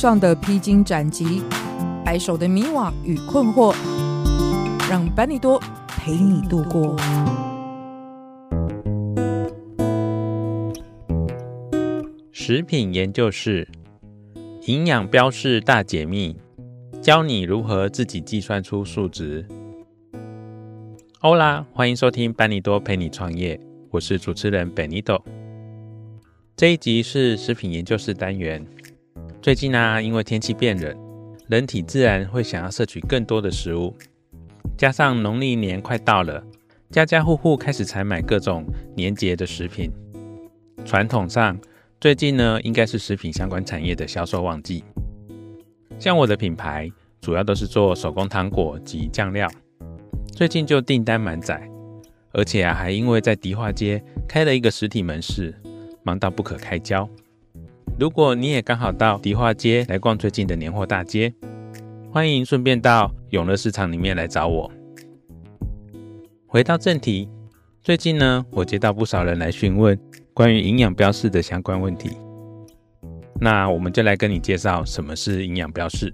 上的披荊斬棘，白首的迷惘與困惑，讓班尼多陪你度過。食品研究室，營養標示大解密，教你如何自己計算出數值。歐拉，歡迎收聽班尼多陪你創業，我是主持人班尼多。這一集是食品研究室單元。最近啊，因為天氣變冷，人體自然會想要攝取更多的食物。加上農曆年快到了，家家戶戶開始採買各種年節的食品。傳統上，最近呢應該是食品相關產業的銷售旺季。像我的品牌，主要都是做手工糖果及醬料，最近就訂單滿載，而且啊還因為在迪化街開了一個實體門市，忙到不可開交。如果你也剛好到迪化街來逛最近的年貨大街，歡迎順便到永樂市場裡面來找我。回到正題，最近呢，我接到不少人來詢問關於營養標示的相關問題。那我們就來跟你介紹什麼是營養標示。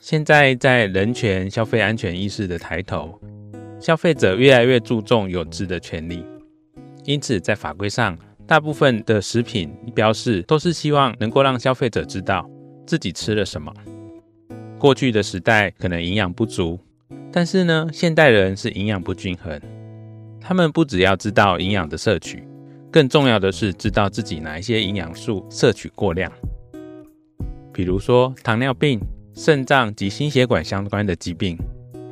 現在在人權、消費安全意識的抬頭，消費者越來越注重有知的權利，因此在法規上。大部分的食品標示都是希望能夠讓消費者知道自己吃了什麼。過去的時代可能營養不足，但是呢，現代人是營養不均衡。他們不只要知道營養的攝取，更重要的是知道自己哪一些營養素攝取過量。比如說糖尿病、腎臟及心血管相關的疾病，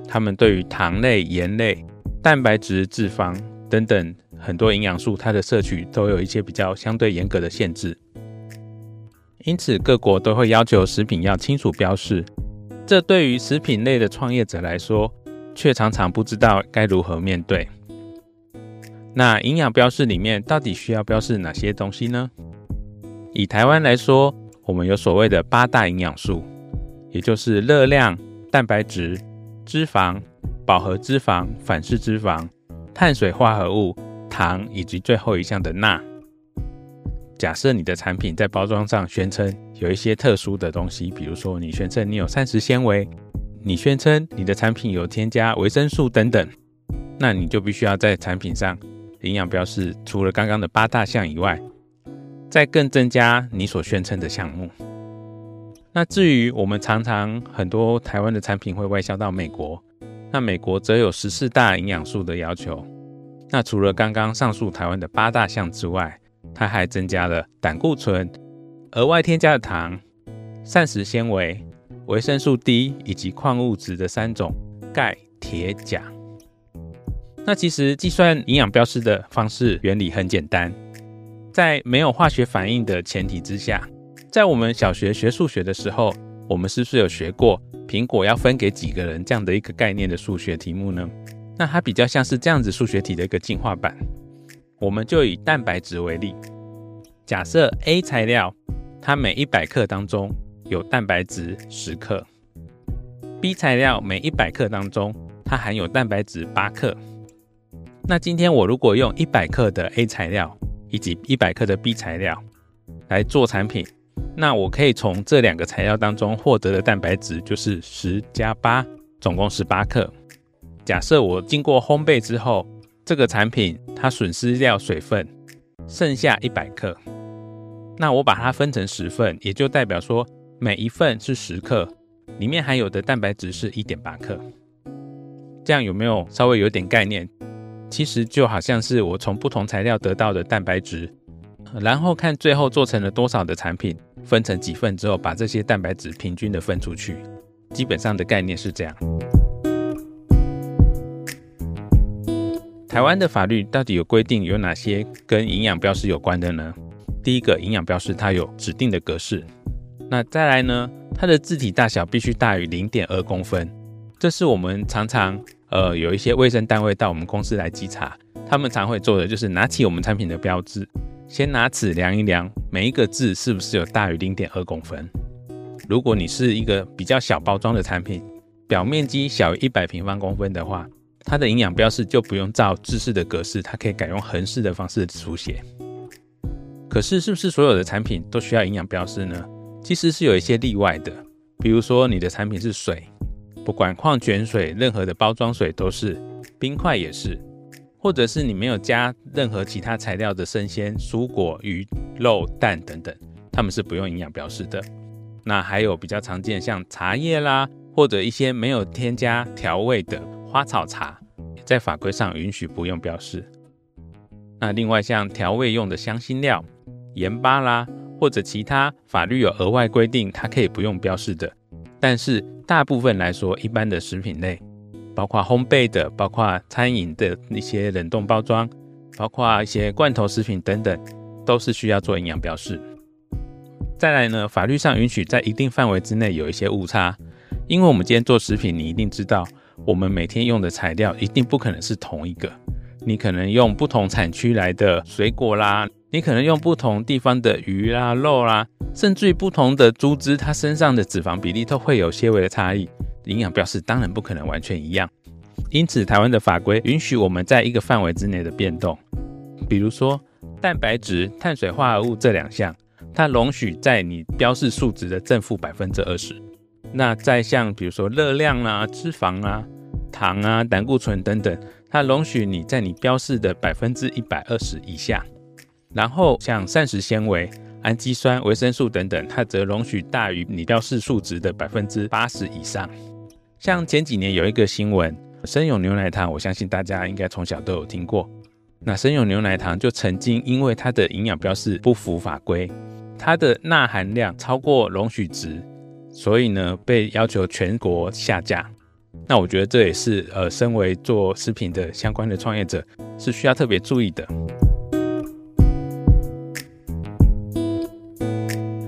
他們對於糖類、鹽類、蛋白質、脂肪等等。很多營養素，它的攝取都有一些比較相對嚴格的限制，因此各國都會要求食品要清楚標示。這對於食品類的創業者來說，卻常常不知道該如何面對。那營養標示裡面到底需要標示哪些東西呢？以台灣來說，我們有所謂的八大營養素，也就是熱量、蛋白質、脂肪、飽和脂肪、反式脂肪、碳水化合物。糖、以及最後一項的鈉。假設你的產品在包裝上宣稱有一些特殊的東西，比如說你宣稱你有膳食纖維，你宣稱你的產品有添加維生素等等，那你就必須要在產品上營養標示，除了剛剛的八大項以外，再更增加你所宣稱的項目。那至於我們常常很多台灣的產品會外銷到美國，那美國則有十四大營養素的要求。那除了剛剛上述台灣的八大項之外，它還增加了膽固醇、額外添加的糖、膳食纖維、維生素 D 以及礦物質的三種鈣、鐵、鉀。那其實計算營養標示的方式原理很簡單，在沒有化學反應的前提之下，在我們小學學數學的時候，我們是不是有學過蘋果要分給幾個人這樣的一個概念的數學題目呢？那它比較像是這樣子數學題的一個進化版。我們就以蛋白質為例，假設 A 材料它每一百克當中有蛋白質十克，B 材料每一百克當中它含有蛋白質八克。那今天我如果用一百克的 A 材料以及一百克的 B 材料來做產品，那我可以從這兩個材料當中獲得的蛋白質就是十加八，8，總共十八克。假設我經過烘焙之後，這個產品它損失掉水分，剩下一百克。那我把它分成十份，也就代表說每一份是十克，裡面含有的蛋白質是一點八克。這樣有沒有稍微有點概念？其實就好像是我從不同材料得到的蛋白質，然後看最後做成了多少的產品，分成幾份之後把這些蛋白質平均的分出去，基本上的概念是這樣。台灣的法律到底有規定有哪些跟營養標示有關的呢？第一個，營養標示它有指定的格式。那再來呢，它的字體大小必須大於零點二公分。這是我們常常呃有一些衛生單位到我們公司來稽查，他們常會做的就是拿起我們產品的標誌，先拿尺量一量每一個字是不是有大於零點二公分。如果你是一個比較小包裝的產品，表面積小於一百平方公分的話，它的營養標示就不用照製式的格式，它可以改用橫式的方式書寫。可是，是不是所有的產品都需要營養標示呢？其實是有一些例外的，比如說你的產品是水，不管礦泉水、任何的包裝水都是，冰塊也是，或者是你沒有加任何其他材料的生鮮蔬果、魚肉、蛋等等，它們是不用營養標示的。那還有比較常見像茶葉啦，或者一些沒有添加調味的花草茶。在法規上允許不用標示。那另外像調味用的香辛料、鹽巴啦，或者其他法律有額外規定，它可以不用標示的。但是大部分來說，一般的食品類，包括烘焙的，包括餐飲的一些冷凍包裝，包括一些罐頭食品等等，都是需要做營養標示。再來呢，法律上允許在一定範圍之內有一些誤差，因為我們今天做食品，你一定知道。我們每天用的材料一定不可能是同一個，你可能用不同產區來的水果啦，你可能用不同地方的魚啦、肉啦，甚至於不同的豬隻，它身上的脂肪比例都會有些微的差異，營養標示當然不可能完全一樣。因此，台灣的法規允許我們在一個範圍之內的變動，比如說蛋白質、碳水化合物這兩項，它容許在你標示數值的正負百分之二十。那再像比如說熱量啊、脂肪啊、糖啊、膽固醇等等，它容許你在你標示的百分之一百二十以下。然後像膳食纖維、氨基酸、維生素等等，它則容許大於你標示數值的百分之八十以上。像前幾年有一個新聞，生乳牛奶糖，我相信大家應該從小都有聽過。那生乳牛奶糖就曾經因為它的營養標示不符法規，它的鈉含量超過容許值。所以呢，被要求全國下架。那我覺得這也是，呃，身為做食品的相關的創業者，是需要特別注意的。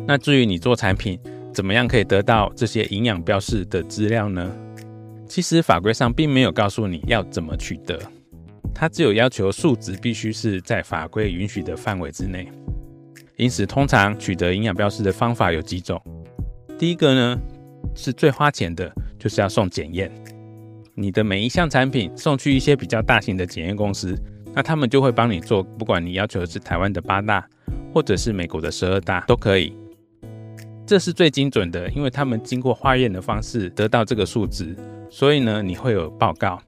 那至於你做產品，怎麼樣可以得到這些營養標示的資料呢？其實法規上並沒有告訴你要怎麼取得，它只有要求數值必須是在法規允許的範圍之內。因此，通常取得營養標示的方法有幾種。第一個呢，是最花錢的，就是要送檢驗。你的每一項產品送去一些比較大型的檢驗公司，那他們就會幫你做。不管你要求的是台灣的八大，或者是美國的十二大，都可以。這是最精準的，因為他們經過化驗的方式得到這個數值，所以呢，你會有報告。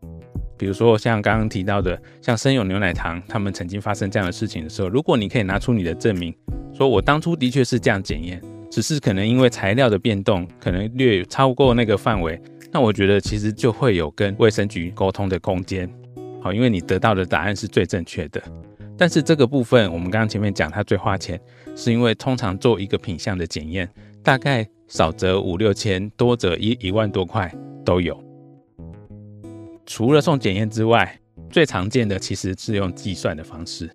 比如說像剛剛提到的，像森永牛奶糖，他們曾經發生這樣的事情的時候，如果你可以拿出你的證明，說我當初的確是這樣檢驗。只是可能因為材料的變動，可能略超過那個範圍，那我覺得其實就會有跟衛生局溝通的空間。好，因為你得到的答案是最正確的。但是這個部分，我們剛剛前面講，它最花錢，是因為通常做一個品項的檢驗，大概少則五六千，多則一一萬多塊都有。除了送檢驗之外，最常見的其實是用計算的方式。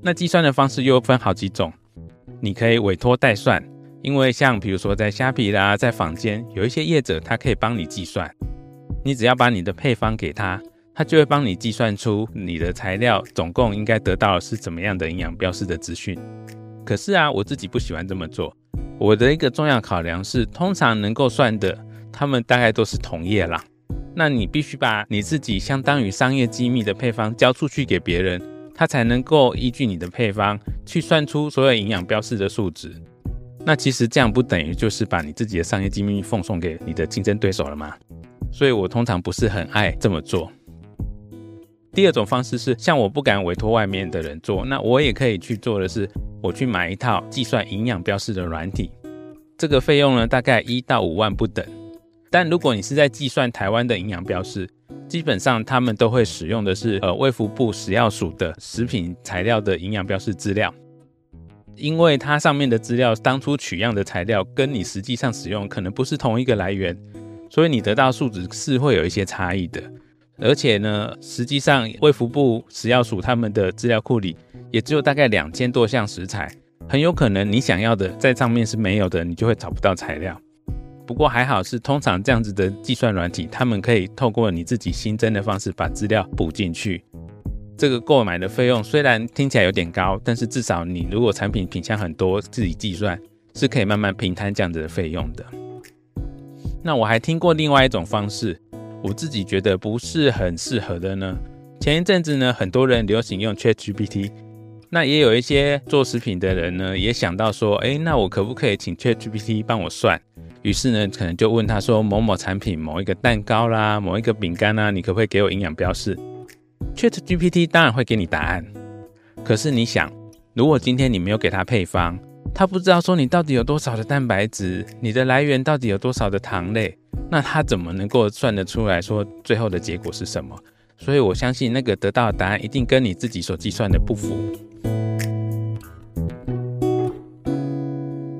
那計算的方式又分好幾種，你可以委托代算。因為像比如說在蝦皮啦，在坊間有一些業者，他可以幫你計算，你只要把你的配方給他，他就會幫你計算出你的材料總共應該得到的是怎麼樣的營養標示的資訊。可是啊，我自己不喜歡這麼做。我的一個重要考量是，通常能夠算的，他們大概都是同業啦。那你必須把你自己相當於商業機密的配方交出去給別人，他才能夠依據你的配方去算出所有營養標示的數值。那其實這樣不等於就是把你自己的商業機密奉送給你的競爭對手了嗎？所以我通常不是很愛這麼做。第二種方式是，像我不敢委托外面的人做，那我也可以去做的是，我去買一套計算營養標示的軟體，這個費用呢大概一到五萬不等。但如果你是在計算台灣的營養標示，基本上他們都會使用的是呃衛福部食藥署的食品材料的營養標示資料。因為它上面的資料，當初取樣的材料跟你實際上使用可能不是同一個來源，所以你得到的數值是會有一些差異的。而且呢，實際上衛福部食藥署他們的資料庫裡也只有大概兩千多項食材，很有可能你想要的在上面是沒有的，你就會找不到材料。不過還好是通常這樣子的計算軟體，他們可以透過你自己新增的方式把資料補進去。這個購買的費用雖然聽起來有點高，但是至少你如果產品品項很多，自己計算是可以慢慢平攤這樣子的費用的。那我還聽過另外一種方式，我自己覺得不是很適合的呢。前一陣子呢，很多人流行用 ChatGPT，那也有一些做食品的人呢，也想到說，誒，那我可不可以請 ChatGPT 幫我算？於是呢，可能就問他說，某某產品某一個蛋糕啦，某一個餅乾啊，你可不可以給我營養標示？ChatGPT 當然會給你答案，可是你想，如果今天你沒有給他配方，他不知道說你到底有多少的蛋白質，你的來源到底有多少的糖類，那他怎麼能夠算得出來說最後的結果是什麼？所以我相信那個得到的答案一定跟你自己所計算的不符。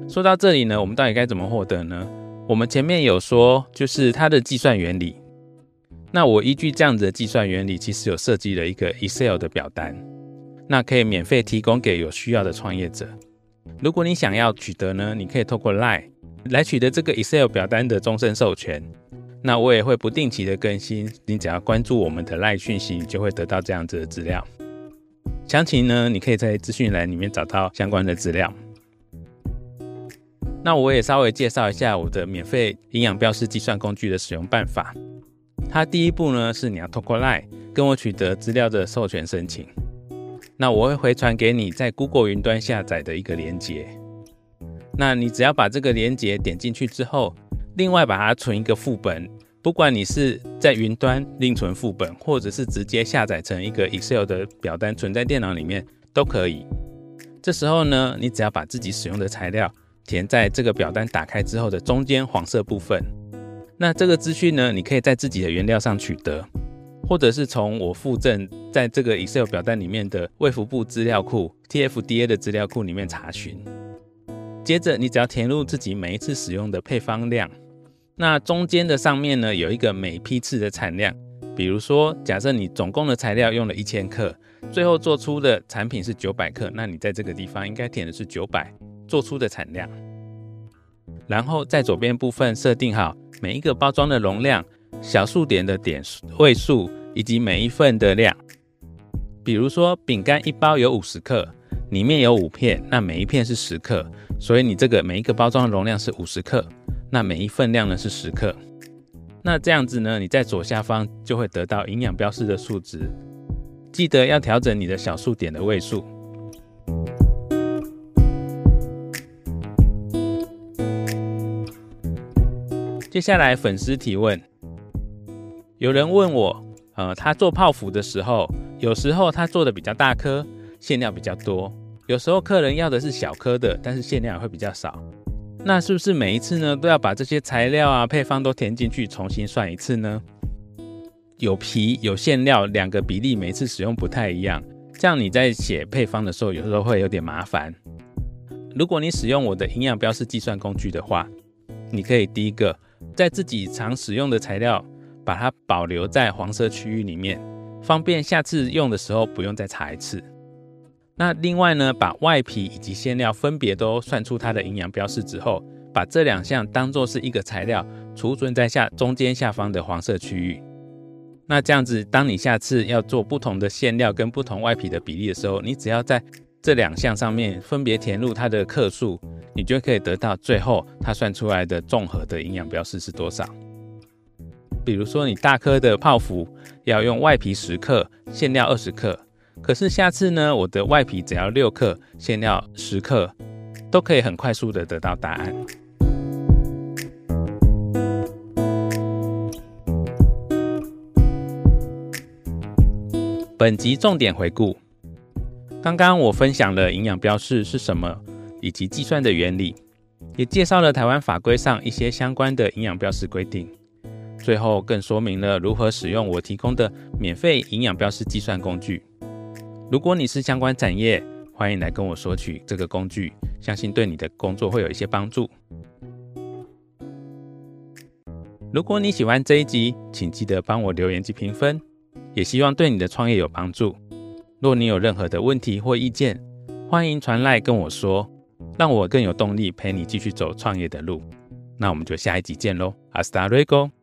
說到這裡呢，我們到底該怎麼獲得呢？我們前面有說，就是它的計算原理。那我依據這樣子的計算原理，其實有設計了一個 Excel 的表單，那可以免費提供給有需要的創業者。如果你想要取得呢，你可以透過 LINE 來取得這個 Excel 表單的終身授權。那我也會不定期的更新，你只要關注我們的 LINE 訊息，你就會得到這樣子的資料。詳情呢，你可以在資訊欄裡面找到相關的資料。那我也稍微介紹一下我的免費營養標示計算工具的使用辦法。它第一步呢，是你要通過 Line 跟我取得資料的授權申請，那我會回傳給你在 Google 雲端下載的一個連結，那你只要把這個連結點進去之後，另外把它存一個副本，不管你是在雲端另存副本，或者是直接下載成一個 Excel 的表單存在電腦裡面都可以。這時候呢，你只要把自己使用的材料填在這個表單打開之後的中間黃色部分。那這個資訊呢，你可以在自己的原料上取得，或者是從我附贈在這個 Excel 表單裡面的衛福部資料庫 T F D A 的資料庫裡面查詢。接着你只要填入自己每一次使用的配方量，那中間的上面呢，有一個每批次的產量，比如說假設你總共的材料用了一千克，最後做出的產品是九百克，那你在這個地方應該填的是九百做出的產量。然後在左邊部分設定好每一個包裝的容量、小數點的點位數以及每一份的量。比如說，餅乾一包有五十克，裡面有五片，那每一片是十克。所以你這個每一個包裝容量是五十克，那每一份量呢是十克。那這樣子呢，你在左下方就會得到營養標示的數值。記得要調整你的小數點的位數。接下來粉絲提問，有人問我，呃，他做泡芙的時候，有時候他做的比較大顆，餡料比較多；有時候客人要的是小顆的，但是餡料也會比較少。那是不是每一次呢都要把這些材料啊、配方都填進去重新算一次呢？有皮有餡料兩個比例，每一次使用不太一樣，這樣你在寫配方的時候有時候會有點麻煩。如果你使用我的營養標示計算工具的話，你可以第一個。在自己常使用的材料，把它保留在黃色區域裡面，方便下次用的時候不用再查一次。那另外呢，把外皮以及餡料分別都算出它的營養標示之後，把這兩項當做是一個材料，儲存在下中間下方的黃色區域。那這樣子，當你下次要做不同的餡料跟不同外皮的比例的時候，你只要在這兩項上面分別填入它的克數，你就可以得到最後它算出來的綜合的營養標示是多少。比如說，你大顆的泡芙要用外皮十克，餡料二十克，可是下次呢，我的外皮只要六克，餡料十克，都可以很快速的得到答案。本集重點回顧。剛剛我分享了營養標示是什麼，以及計算的原理，也介紹了台灣法規上一些相關的營養標示規定，最後更說明了如何使用我提供的免費營養標示計算工具。如果你是相關產業，歡迎來跟我索取這個工具，相信對你的工作會有一些幫助。如果你喜歡這一集，請記得幫我留言及評分，也希望對你的創業有幫助。若你有任何的問題或意見，歡迎傳賴跟我說，讓我更有動力陪你繼續走創業的路。那我們就下一集見嘍，Hasta luego。